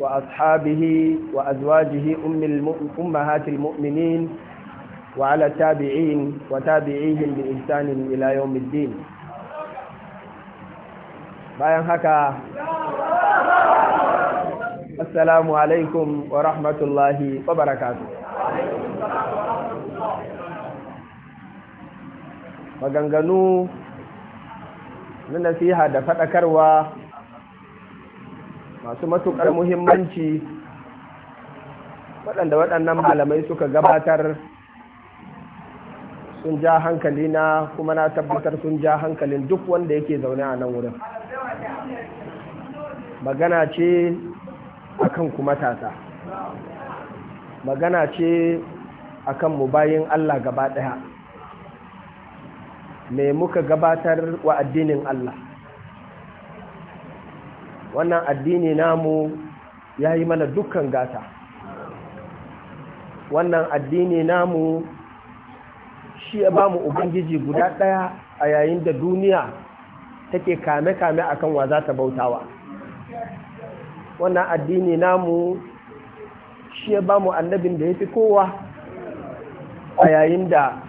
وأصحابه وأزواجه أم أمهات المؤمنين وعلى التابعين وتابعيهم بإحسان إلى يوم الدين بيان هكا السلام عليكم ورحمة الله وبركاته وغنغنو من نسيها دفت أكروا masu matuƙar muhimmanci waɗanda waɗannan malamai suka gabatar sun ja hankali na kuma na tabbatar sun ja hankalin duk wanda yake zaune a nan wurin magana ce a kan kuma tata magana ce a kan mu bayin Allah gaba ɗaya me muka gabatar wa addinin Allah wannan addini namu ya yi mana dukkan gata wannan addini namu shi ya ba mu ubangiji guda ɗaya a yayin da duniya take kame-kame a kan wa za ta bautawa wannan addini namu shi ya ba mu annabin da ya fi kowa a yayin da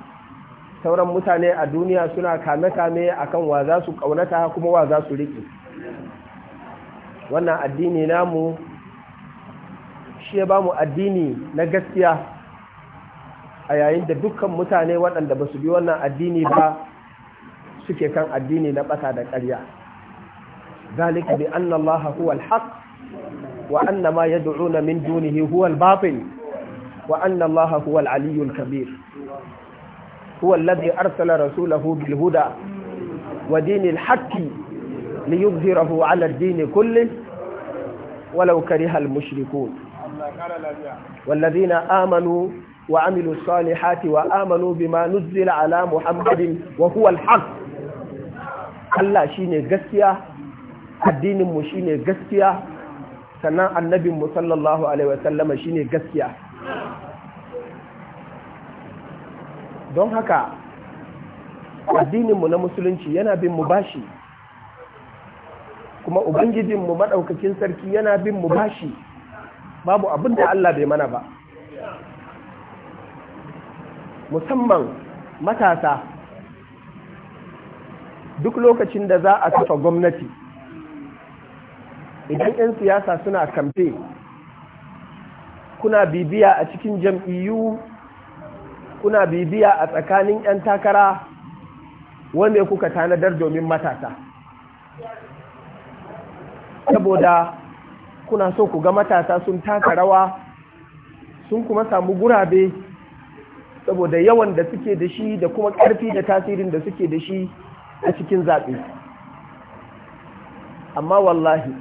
sauran mutane a duniya suna kame-kame akan kan wa za su ƙaunata kuma wa za su riƙe wannan addini namu shi ya bamu addini na gaskiya a yayin da dukkan mutane waɗanda basu su bi wannan addini ba suke kan addini na ɓata da ƙarya zalika bi anna allaha huwa alhaq wa anna ma yad'una min dunihi huwa albatil wa anna allaha huwa alaliyyul kabir huwa alladhi arsala rasulahu bil huda wa dinil haqqi liyuzhirahu ala ad-din kullihi ولو كره المشركون والذين آمنوا وعملوا الصالحات وآمنوا بما نزل على محمد وهو الحق Allah shine gaskiya addinin mu shine gaskiya sannan annabin mu sallallahu alaihi wasallam shine gaskiya don haka addinin mu na musulunci yana bin mu bashi kuma ubangijinmu maɗaukakin sarki yana bin mu bashi babu abin da Allah bai mana ba musamman matasa duk lokacin da za a kafa gwamnati idan 'yan siyasa suna kamfe kuna bibiya a cikin jam'iyyu kuna bibiya a tsakanin 'yan takara wanda kuka tanadar domin matasa saboda kuna so ku ga matasa sun taka rawa sun kuma samu gurabe saboda yawan da suke da shi da kuma ƙarfi da tasirin da suke da shi a cikin zaɓe amma wallahi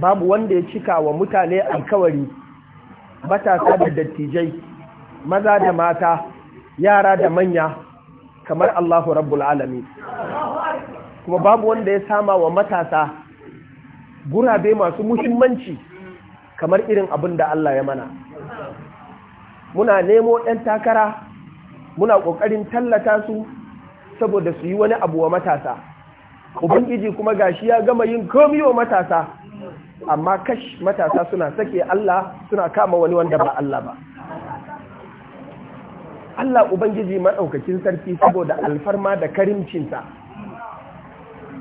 babu wanda ya cika wa mutane alkawari matasa da dattijai maza da mata yara da manya kamar allahu rabbul alami kuma babu wanda ya sama wa matasa gurabe masu muhimmanci kamar irin abin da Allah ya mana muna nemo 'yan takara muna ƙoƙarin tallata su saboda su yi wani abu wa matasa ubangiji kuma gashi ya gama yin komi wa matasa amma kash matasa suna sake Allah suna kama wani wanda ba Allah ba Allah ubangiji maɗaukakin sarki saboda alfarma da karimcinsa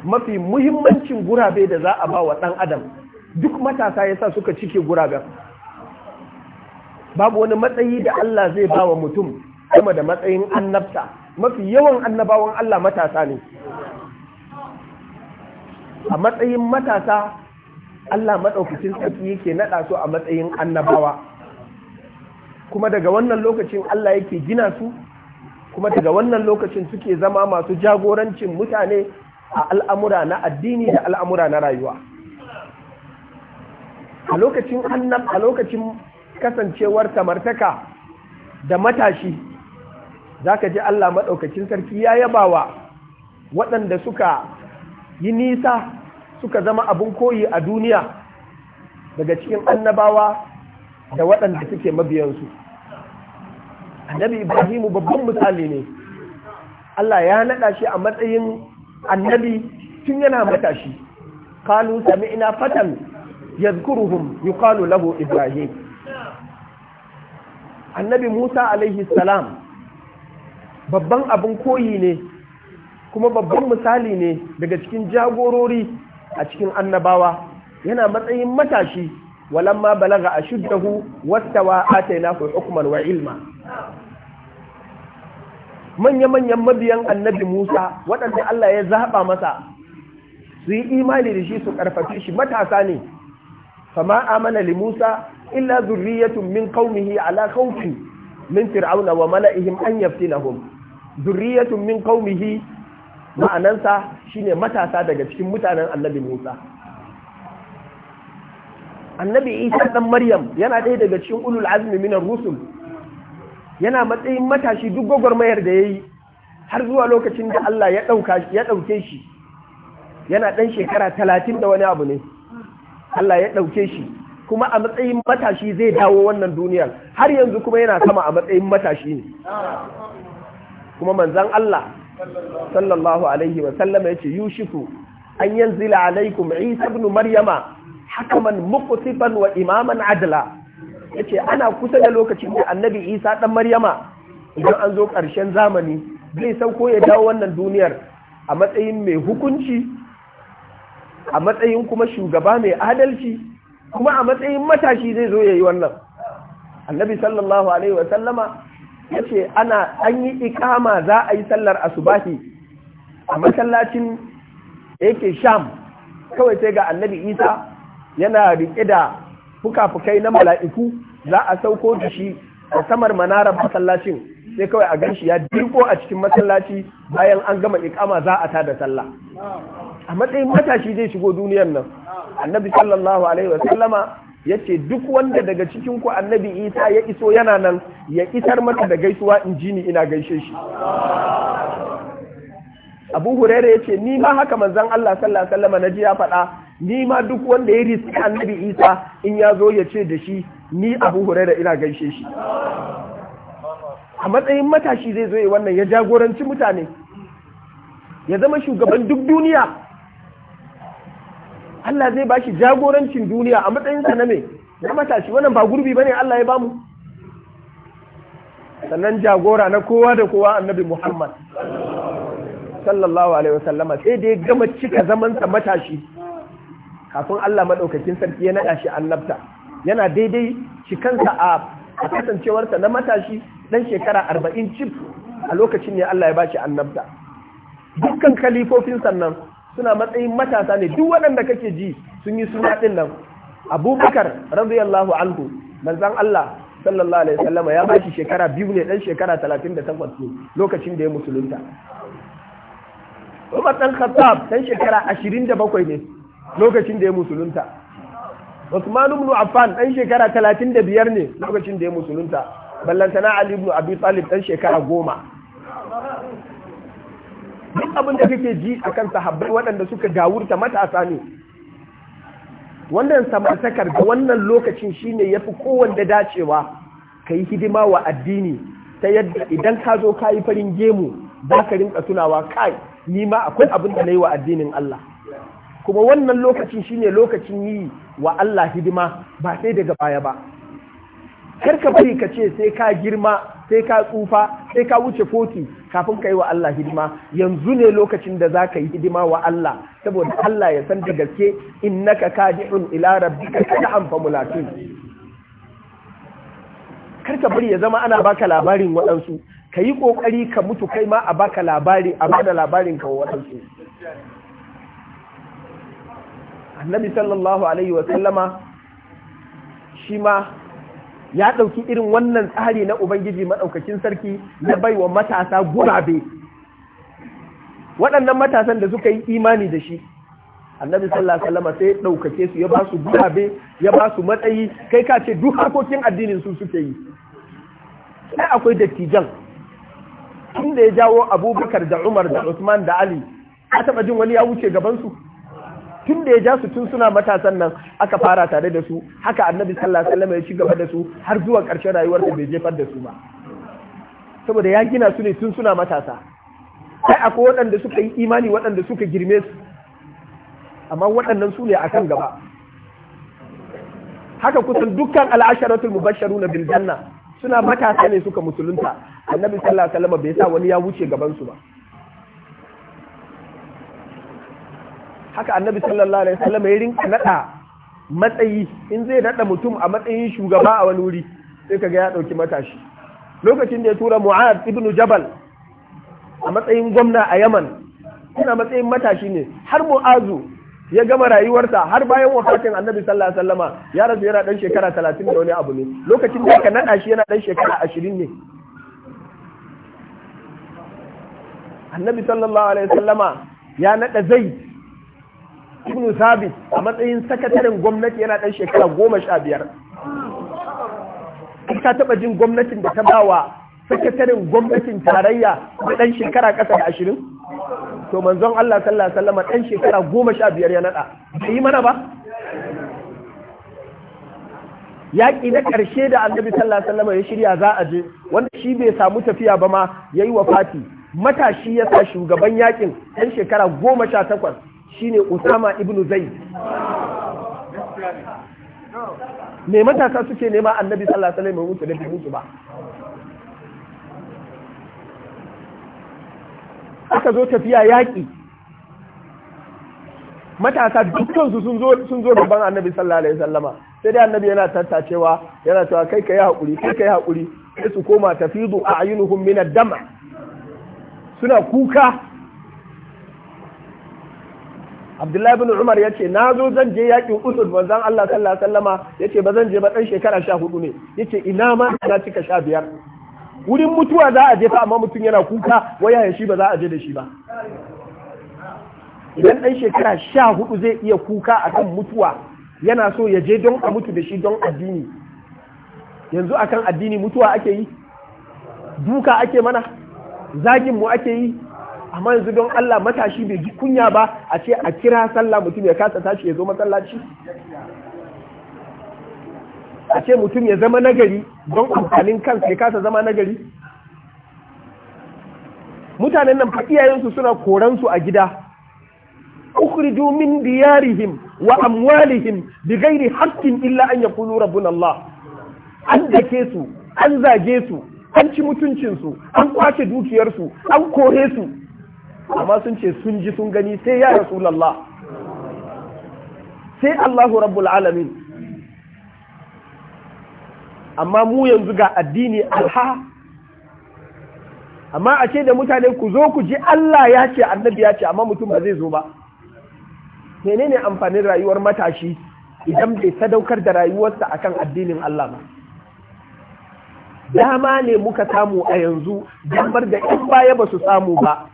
mafi muhimmancin gurabe da za a ba wa ɗan adam duk matasa ya sa suka cike guraben babu wani matsayi da Allah zai ba wa mutum kuma da matsayin annabta mafi yawan annabawan Allah matasa ne a matsayin matasa Allah maɗaukacin sarki yake naɗa su a matsayin annabawa kuma daga wannan lokacin Allah yake gina su kuma daga wannan lokacin suke zama masu jagorancin mutane a al'amura na addini da al'amura na rayuwa a lokacin annab a lokacin kasancewar tamartaka da matashi za ka ji Allah maɗaukacin sarki ya yabawa waɗanda suka yi nisa suka zama abin koyi a duniya daga cikin annabawa da waɗanda suke mabiyansu annabi ibrahimu babban misali ne Allah ya naɗa shi a matsayin annabi tun yana matashi sami ina fatan yi kalu lahu ibrahim annabi Musa alaihi salam babban abin koyi ne kuma babban misali ne daga cikin jagorori a cikin annabawa yana matsayin matashi walamma balaga a ashuddahu ataina atainahu hukumar wa ilma manya-manyan mabiyan annabi Musa waɗanda Allah ya zaɓa masa su yi imani da shi su ƙarfafi shi matasa ne fama amana li Musa illa zurriyatun min qaumihi ala kaufi min fir'auna wa mala'ihim an hum. zurriyatun min kaumihi ma'anansa shine matasa daga cikin mutanen annabi Musa annabi Isa ɗan Maryam yana ɗaya daga cikin ulul azmi minar rusul yana matsayin matashi duk gwagwarmayar da ya yi har zuwa lokacin da Allah ya ɗauke shi yana ɗan shekara talatin da wani abu ne Allah ya ɗauke shi kuma a matsayin matashi zai dawo wannan duniyar har yanzu kuma yana sama a matsayin matashi ne kuma manzan Allah sallallahu alaihi wa sallama yace yushiku an yanzila alaikum isa ibn maryama hakaman muqsitan wa imaman adla yace ana kusa da lokacin da annabi isa ɗan maryama idan an zo ƙarshen zamani zai sauko ya dawo wannan duniyar a matsayin mai hukunci a matsayin kuma shugaba mai adalci kuma a matsayin matashi zai zo ya yi wannan annabi sallallahu alaihi wasallama ya ce ana an yi ikama za a yi sallar asubahi a masallacin yake sham kawai sai ga annabi isa yana riƙe da fuka-fukai na mala'iku za a sauko da shi a samar manarar masallacin sai kawai a ganshi ya dirko a cikin masallaci bayan an gama ikama za a ta da sallah a matsayin matashi zai shigo duniyar nan annabi sallallahu alaihi wa ya ce duk wanda daga cikin ku annabi isa ya iso yana nan ya isar mata da gaisuwa in ji ni ina gaishe shi abu hurere ya ce ni ma haka manzon allah sallallahu alaihi wa na ji ya faɗa ni ma duk wanda ya riski annabi isa in ya zo ya ce da shi ni abu hure da ina gaishe shi a matsayin matashi zai zo wannan ya jagoranci mutane ya zama shugaban duk duniya Allah zai ba shi jagorancin duniya a matsayinsa na me na matashi wannan ba gurbi ba ne Allah ya bamu sannan jagora na kowa da kowa annabi Muhammad sallallahu alaihi wasallama sai da ya gama cika zamansa matashi kafin Allah maɗaukakin sarki ya naɗa shi annabta yana daidai shi kansa a kasancewarsa na matashi ɗan shekara arba'in cif a lokacin ne Allah ya ba shi annabta dukkan kalifofin sannan suna matsayin matasa ne duk waɗanda kake ji sun yi suna ɗin nan abubakar radiyallahu anhu manzan Allah sallallahu alaihi wasallama ya ba shi shekara biyu ne ɗan shekara talatin da takwas ne lokacin da ya musulunta Umar ɗan Khattab ɗan shekara ashirin da bakwai ne lokacin da ya musulunta Usman ibn Affan dan shekara 35 ne lokacin da ya musulunta ballantana Ali ibn Abi Talib dan shekara 10 duk abin da kake ji akan sahabbai waɗanda suka gawurta matasa ne wannan samartakar da wannan lokacin shine yafi kowanne dacewa kai hidima wa addini ta yadda idan ka zo ka yi farin gemu za ka rinka tunawa kai ni ma akwai abin da na yi wa addinin Allah kuma wannan lokacin shine lokacin yi wa Allah hidima ba sai daga baya ba kar ka bari ka ce sai ka girma sai ka tsufa sai ka wuce koti kafin ka yi wa Allah hidima yanzu ne lokacin da za ka yi hidima wa Allah saboda Allah ya san da gaske innaka kadi'un ila rabbika ta fa mulaqin kar ka bari ya zama ana baka labarin waɗansu ka yi ƙoƙari ka mutu kai ma a baka labari a bada labarin ka wa waɗansu annabi sallallahu alaihi wa sallama shi ma ya ɗauki irin wannan tsari na ubangiji maɗaukakin sarki na baiwa matasa gurabe waɗannan matasan da suka yi imani da shi annabi sallallahu alaihi sai ɗaukake su ya ba su gurabe ya ba su matsayi kai ka ce duk harkokin addinin su suke yi sai akwai dattijan tun da ya jawo abubakar da umar da usman da ali a taɓa jin wani ya wuce gaban su. tun da ya ja su tun suna matasan nan aka fara tare da su haka annabi sallallahu alaihi wasallam ya ci gaba da su har zuwa ƙarshen rayuwarsa bai jefar da su ba saboda ya gina su ne tun suna matasa sai akwai waɗanda suka yi imani waɗanda suka girme su amma waɗannan su ne akan gaba haka kusan dukkan al'asharatul mubashsharuna bil janna suna matasa ne suka musulunta annabi sallallahu alaihi wasallam bai sa wani ya wuce gaban su ba haka annabi sallallahu alaihi wasallam ya rinka nada matsayi in zai nada mutum a matsayin shugaba a wani wuri sai kaga ya dauki matashi lokacin da ya tura Mu'ad ibnu Jabal a matsayin gwamna a Yaman yana matsayin matashi ne har Mu'azu ya gama rayuwarsa har bayan wafatin Annabi sallallahu alaihi wasallama ya rasu yana dan shekara 30 da wani abu ne lokacin da aka nada shi yana dan shekara 20 ne Annabi sallallahu alaihi wasallama ya nada zai. ibnu sabit a matsayin sakataren gwamnati yana ɗan shekara goma sha biyar ka taɓa jin gwamnatin da ta ba wa sakataren gwamnatin tarayya da ɗan shekara ƙasa da ashirin to manzon Allah sallallahu alaihi wasallam ɗan shekara goma sha biyar ya naɗa Ba yi mana ba yaƙi na ƙarshe da annabi sallallahu alaihi wasallam ya shirya za a je wanda shi bai samu tafiya ba ma yayi wa fati matashi ya sa shugaban yaƙin ɗan shekara goma sha takwas shine Usama ibn Zaid me matasa suke nema annabi sallallahu alaihi wasallam mutu da bai mutu ba aka zo tafiya yaƙi matasa dukkansu sun zo sun zo gaban annabi sallallahu alaihi wasallama sai dai annabi yana tattacewa yana cewa kai kai hakuri kai kai hakuri sai su koma tafidu a'yunuhum min ad-dam' suna kuka abdullahi bin umar ya ce na zo zan je yakin uhud manzan allah sallallahu alaihi wasallama ya ce ba zan je ba ɗan shekara sha hudu ne ya ce ina ma na cika sha biyar wurin mutuwa za a je fa amma mutum yana kuka waya ya shi ba za a je da shi ba idan ɗan shekara sha hudu zai iya kuka akan mutuwa yana so ya je don a mutu da shi don addini yanzu a kan addini mutuwa ake yi duka ake mana zagin mu ake yi amma yanzu don Allah matashi bai ji kunya ba a ce a kira sallah mutum ya kasa tashi ya zo masallaci a ce mutum ya zama nagari don amfanin kansa ya kasa zama nagari mutanen nan iyayensu suna koransu a gida ukhriju min diyarihim wa amwalihim bi ghairi haqqin illa an yaqulu rabbuna Allah an dake su an zage su an ci mutuncinsu an kwace dukiyarsu an kore su amma sun ce sun ji sun gani sai ya rasulallah sai Allahu rabbul alamin amma mu yanzu ga addini alha amma a ce da mutane ku zo ku ji Allah ya ce annabi ya ce amma mutum ba zai zo ba menene amfanin rayuwar matashi idan bai sadaukar da rayuwarsa akan addinin Allah ba dama ne muka samu a yanzu damar da in baya ba su samu ba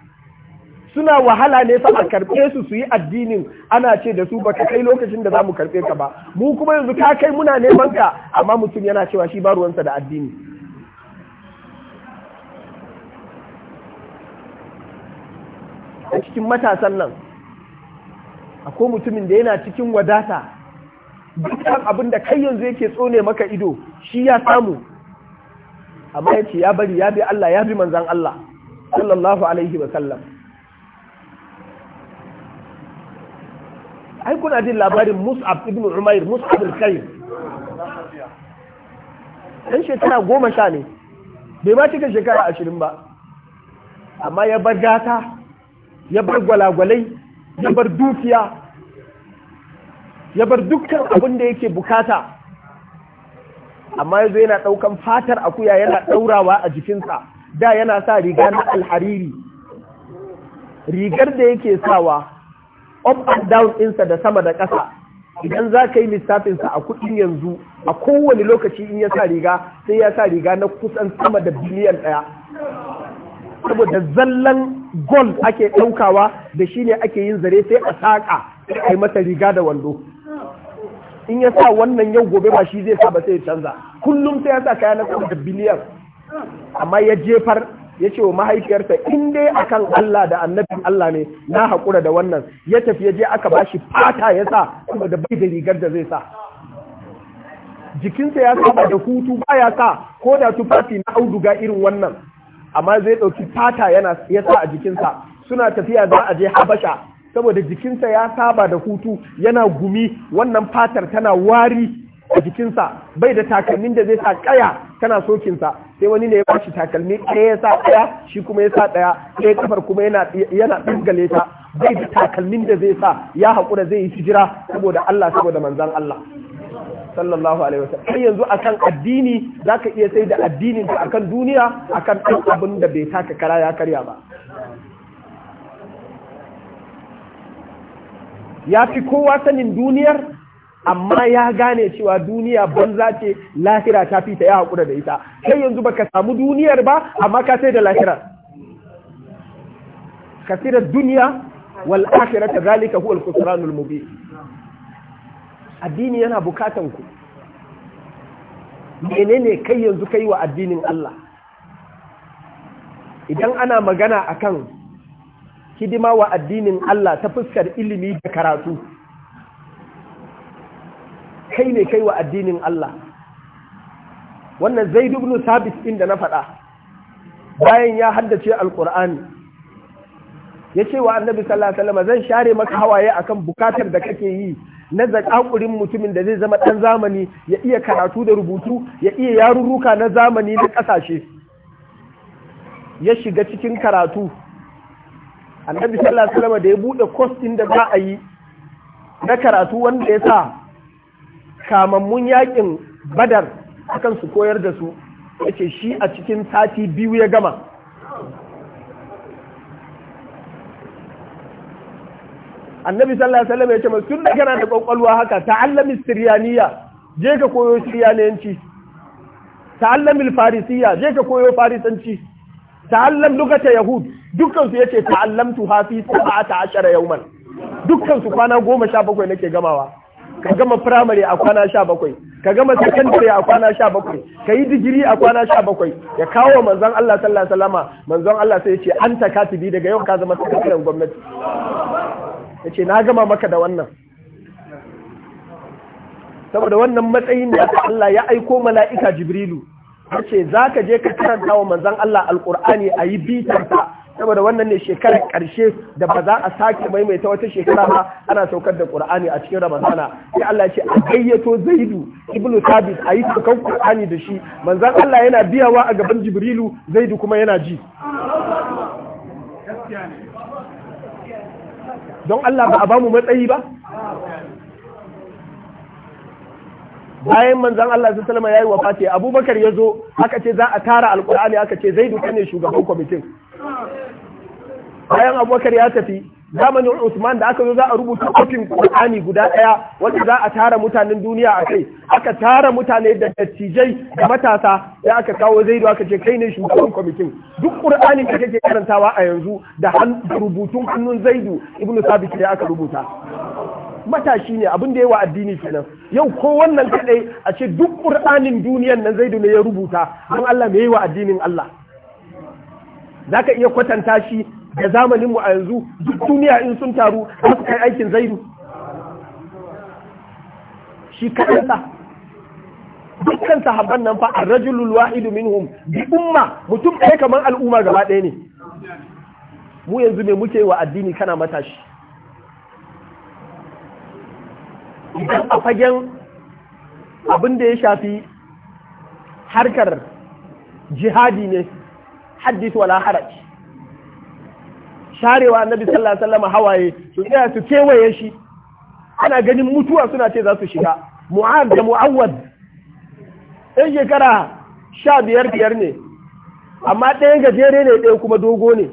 suna wahala ne fa a karɓe su su yi addinin ana ce da su baka kai lokacin da za mu karɓe ka ba mu kuma yanzu ka kai muna neman ka amma mutum yana cewa shi ba ruwansa da addini a cikin matasan nan akwai mutumin da yana cikin wadata dukkan abin da kai yanzu yake tsone maka ido shi ya samu amma ya ce ya bari ya bi Allah ya bi manzan Allah sallallahu alaihi wa sallam ai kuna jin labarin mus'ab ibn umair mus'ab al kayr dan shekara goma sha ne bai ma cika shekara ashirin ba amma ya bar gata ya bar gwalagwalai ya bar dukiya ya bar dukkan abin da yake bukata amma yanzu yana ɗaukan fatar akuya yana ɗaurawa a jikinsa da yana sa riga na alhariri rigar da yake sawa up and down ɗinsa da sama da ƙasa idan za ka yi lissafinsa a kuɗin yanzu a kowane lokaci in ya sa riga sai ya sa riga na kusan sama da biliyan ɗaya saboda zallan gold ake ɗaukawa da shi ne ake yin zare sai a saƙa a yi masa riga da wando in ya sa wannan yau gobe ba shi zai sa ba sai ya canza kullum sai ya sa kaya na sama da biliyan amma ya jefar ya ce wa mahaifiyarsa in dai akan Allah da annabin Allah ne na haƙura da wannan ya tafi ya je aka shi fata ya sa kuma da bai da rigar da zai sa jikinsa ya saba da hutu ba ya sa ko da tufafi na auduga irin wannan amma zai ɗauki fata yana ya sa a jikinsa suna tafiya za a je habasha saboda jikinsa ya saba da hutu yana gumi wannan fatar tana wari a jikinsa bai da takalmin da zai sa ƙaya tana sokinsa sai wani ne ya bashi takalmi ɗaya ya sa ɗaya shi kuma ya sa ɗaya ɗaya kafar kuma yana yana dangale ta zai da takalmin da zai sa ya haƙura zai yi hijira saboda Allah saboda manzan Allah sallallahu alaihi wasallam har yanzu akan addini zaka iya sai da addinin ka akan duniya akan ɗan abin da bai taka kara ya karya ba ya fi kowa sanin duniyar amma ya gane cewa duniya banza ce lahira ta fi ta ya haƙura da ita sai yanzu baka samu duniyar ba amma ka sai da lahira Ka da duniya wal ta zalika huwa al-khusranul mubin addini yana bukatan ku menene kai yanzu kai wa addinin Allah idan ana magana akan hidima wa addinin Allah ta fuskar ilimi da karatu kai ne kai wa addinin Allah wannan zai ibn sabit din da na faɗa bayan ya haddace alqur'ani ya ce wa annabi sallallahu alaihi zan share maka hawaye akan bukatar da kake yi na zakakurin mutumin da zai zama ɗan zamani ya iya karatu da rubutu ya iya yarurruka na zamani na ƙasashe ya shiga cikin karatu annabi sallallahu alaihi da ya buɗe kwas ɗin da za a yi na karatu wanda ya sa kamammun yakin badar akan su koyar da su yace shi a cikin sati biyu ya gama annabi sallallahu alaihi wasallam ya ce mai tun da da kwakwalwa haka ta'allami siriyaniya je ka koyo siriyaniyanci ta'allami farisiya je ka koyo farisanci ta'allam lugata yahud dukkan su yace ta'allamtu hafi sab'ata ashara yawman dukkan su kwana goma sha bakwai nake gamawa ka gama firamare a kwana sha bakwai ka gama sakandare a kwana sha bakwai ka yi digiri a kwana sha bakwai ya kawo manzon Allah sallallahu alaihi wasallama manzon Allah sai ya ce an ta daga yau ka zama sakataren gwamnati ya ce na gama maka da wannan saboda wannan matsayin da Allah ya aiko mala'ika Jibrilu ya ce za ka je ka karanta wa manzon Allah alƙur'ani a yi bitarsa saboda wannan ne shekarar ƙarshe da ba za a sake maimaita wata shekara ba ana saukar da Qur'ani a cikin Ramadana sai Allah ce a gayyato Zaidu ibnu Thabit a yi saukar Qur'ani da shi manzon Allah yana biyawa a gaban Jibrilu Zaidu kuma yana ji don Allah ba a bamu matsayi ba bayan manzan Allah su salama ya yi wa fati abubakar ya zo aka ce za a tara alkur'ani aka ce Zaidu kane ne shugaban kwamitin bayan abubakar ya tafi zamanin Usman da aka zo za a rubuta kofin Qur'ani guda ɗaya wanda za a tara mutanen duniya a kai aka tara mutane da dattijai da matasa da aka kawo zaidu aka ce kai ne shugaban kwamitin duk ƙur'ani da kake karantawa a yanzu da rubutun hannun zaidu ibn sabit ne aka rubuta matashi ne abin da yawa addini kenan yau ko wannan kadai a ce duk ƙur'anin duniyan nan zaidu ne ya rubuta don Allah mai yawa addinin Allah za ka iya kwatanta shi da zamaninmu a yanzu duk duniya in sun taru za su kai aikin zaidu shi kaɗansa dukkan sahabban nan fa ar-rajulul wahidu minhum bi umma mutum ɗaya kamar al'umma gaba ɗaya ne mu yanzu me muke wa addini kana matashi idan a fagen abin da ya shafi harkar jihadi ne Haddis wala haraj sharewa annabi sallallahu alaihi wasallam hawaye su tsaya su kewaye shi ana ganin mutuwa suna ce za su shiga mu'ad da mu'awwad ɗan shekara sha biyar biyar ne amma ɗayan gajere ne ɗaya kuma dogo ne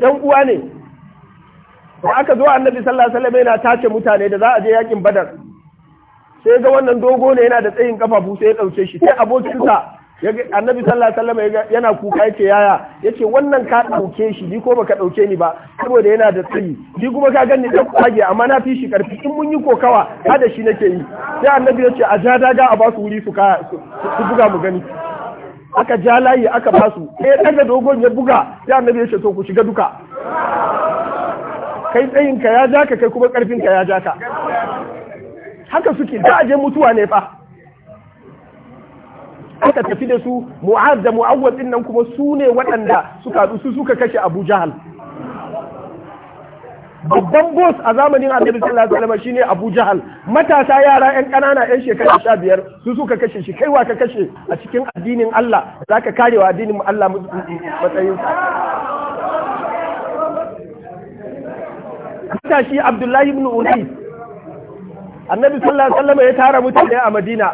ɗan uwa ne da aka zo annabi sallallahu alaihi wasallam yana tace mutane da za a je yakin badar sai ga wannan dogo ne yana da tsayin bu sai ya ɗauke shi sai abokinsa annabi sallallahu alaihi wasallam yana kuka yake yaya yace wannan ka dauke shi ni ko baka dauke ni ba saboda yana da tsayi ni kuma ka ganni da kwage amma na fi shi karfi in mun yi kokawa ka da shi nake yi sai annabi yace a ja daga a ba su wuri su ka su buga mu gani aka ja layi aka ba su sai daga dogon ya buga sai annabi yace to ku shiga duka kai tsayin ka ya ja ka kai kuma karfin ka ya ja ka haka suke da aje mutuwa ne fa aka tafi da su mu'az da mu'awwaz din nan kuma su ne waɗanda suka haɗu su suka kashe abu jahal babban bos a zamanin annabi sallallahu alaihi wasallam shine abu jahal matasa yara yan ƙanana yan shekara sha biyar su suka kashe shi kaiwa ka kashe a cikin addinin Allah zaka wa addinin Allah matsayinsa matashi abdullahi ibn unais annabi sallallahu alaihi wasallam ya tara mutane a madina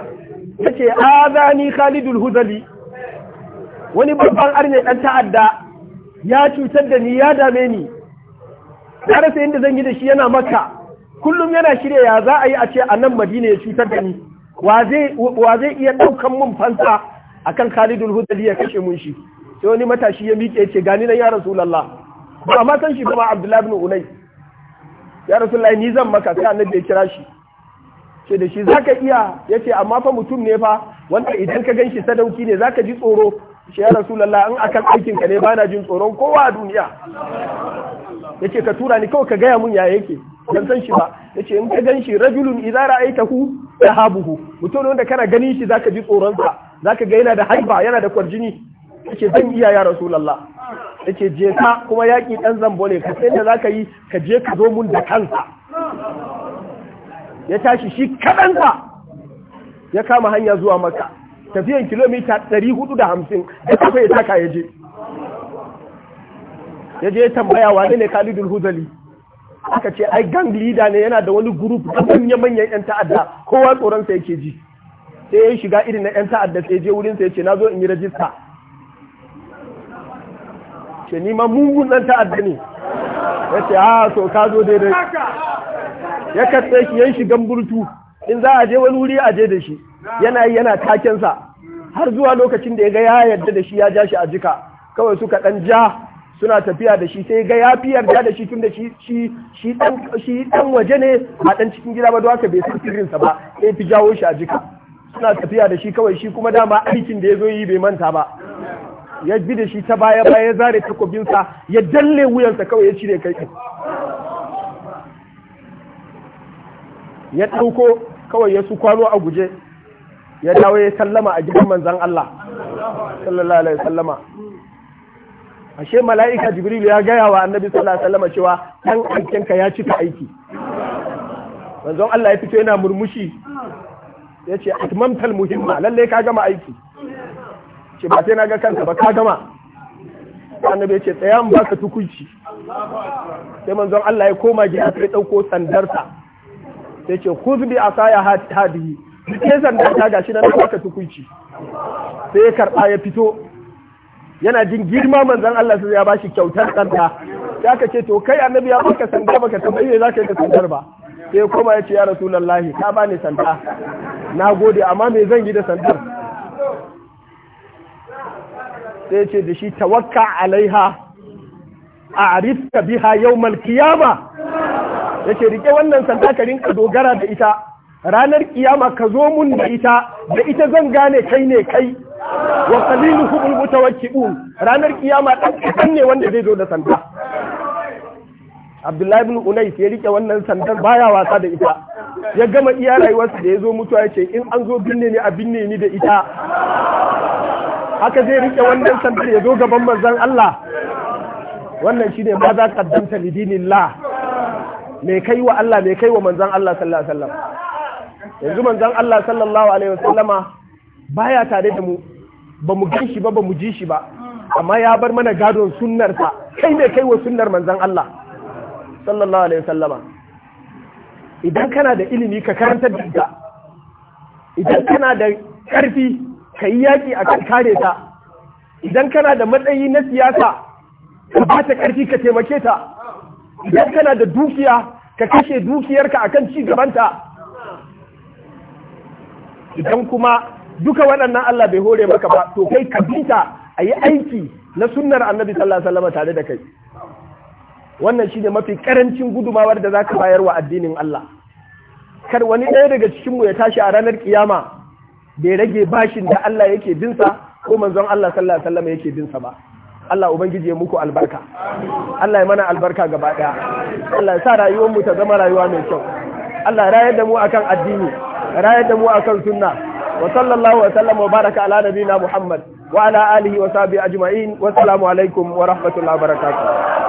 yace zani khalidul huzali wani babban arne dan ta'adda ya cutar da ni ya dame ni har sai inda zan yi da shi yana maka kullum yana shirya ya za a yi a ce a nan madina ya cutar da ni wa zai iya ɗaukan mun fansa akan khalidul huzali ya kashe mun shi sai wani matashi ya miƙe ce gani nan ya rasulullah ba ma san shi ba abdullahi ibn unai ya rasulullah ni zan maka sai annabi ya kira shi ce da shi za ka iya ya ce amma fa mutum ne fa wanda idan ka ganshi sadauki ne za ka ji tsoro shi ya rasu rasulullah in akan aikin ka ne bana jin tsoron kowa a duniya yace ka tura ni kawai ka gaya mun ya yake ban san shi ba yace in ka ganshi rajulun hu ra'aitahu yahabuhu mutum wanda kana ganin shi za ka ji tsoron sa ka ga yana da haifa yana da kwarjini yace zan iya ya ya yace je ka kuma yaki ɗan zambo ne ka sai da ka yi ka je ka zo mun da kansa ya tashi shi kaɗansa ya kama hanya zuwa maka tafiyan kilomita 450 ya kafa ya taka ya je ya tambaya wane ne kalidul Huzali aka ce ai gang leader ne yana da wani group da manyan manyan yan ta'adda kowa tsoron sa yake ji sai ya shiga irin na yan ta'adda sai je wurin sa yace zo in yi rajista ce ni ma mungun dan ta'adda ne yace a ah, so ka zo daidai ya katse shi yan shigan burtu in za a je wani wuri a je da shi yana yi yana takensa har zuwa lokacin da ya ga ya yarda da shi ya ja shi a jika kawai suka ɗan ja suna tafiya da shi sai ga ya fi yarda da shi tun da shi shi ɗan waje ne a ɗan cikin gida ba don haka bai san sirrinsa ba sai fi jawo shi a jika suna tafiya da shi kawai shi kuma dama aikin da ya zo yi bai manta ba ya bi da shi ta baya baya zare takobinsa ya dalle wuyansa kawai ya cire kai ya ɗauko kawai ya su kwano a guje ya dawo ya sallama a gidan manzan Allah sallallahu alaihi sallama ashe mala'ika jibril ya gaya wa annabi sallallahu alaihi sallama cewa ɗan aikinka ya cika aiki manzon Allah ya fito yana murmushi ya ce atmamtal muhimma lallai ka gama aiki ce ba sai na ga kanka ba ka gama annabi ya ce tsaya mu baka tukunci sai manzon Allah ya koma gida sai ɗauko sandarsa sai ce khudh bi asaya hadihi sai sanda ta gashi nan aka tukunci sai ya karba ya fito yana jin girma manzon Allah sai ya bashi kyautar sanda sai aka ce to kai annabi ya baka sanda baka ne za ka yi da sandar ba sai koma ya ce ya rasulullahi ka bani sanda na gode amma me zan yi da sandar sai ce da shi tawakka alaiha a arifka biha yawmal ba. yace rike wannan sanda ka rinka dogara da ita ranar kiyama ka zo mun da ita da ita zan gane kai ne kai wa qalilu humul mutawakkilun ranar kiyama dan kadan ne wanda zai zo da sanda Abdullahi ibn Unais ya rike wannan sandar baya wasa da ita ya gama iya rayuwarsa da ya zo mutuwa ya ce in an zo binne ni a binne ni da ita haka zai rike wannan sandar ya zo gaban manzon Allah wannan shine ma za ka danta lidinillah Mai kai wa Allah mai kai wa manzan Allah sallallahu alaihi wasallam yanzu manzan Allah sallallahu alaihi wasallama baya tare da mu ba mu gan shi ba ba mu ji shi ba amma ya bar mana gadon sunnarsa kai mai kai wa sunnar manzan Allah sallallahu alaihi wasallama idan kana da ilimi ka karanta da idan kana da karfi ka yi yaki kan kare ta idan kana da matsayi na siyasa ka ba ta karfi ka taimake ta idan kana da dukiya ka kashe dukiyarka akan ci gabanta idan kuma duka waɗannan Allah bai hore maka ba to kai ka bita a yi aiki na sunnar annabi sallallahu alaihi tare da kai wannan shine mafi karancin gudumawar da zaka bayar wa addinin Allah kar wani ɗaya daga cikin mu ya tashi a ranar ƙiyama bai rage bashin da Allah yake binsa ko manzon Allah sallallahu alaihi yake binsa ba Allah ubangiji ya muku albarka Allah ya mana albarka gaba ɗaya. Allah ya sa rayuwar mu ta zama rayuwa mai kyau Allah rayar da mu akan addini rayar da mu akan sunna wa sallallahu wa sallam wa baraka ala nabina Muhammad wa ala alihi wa sahbihi ajma'in wa assalamu alaikum wa rahmatullahi wa barakatuh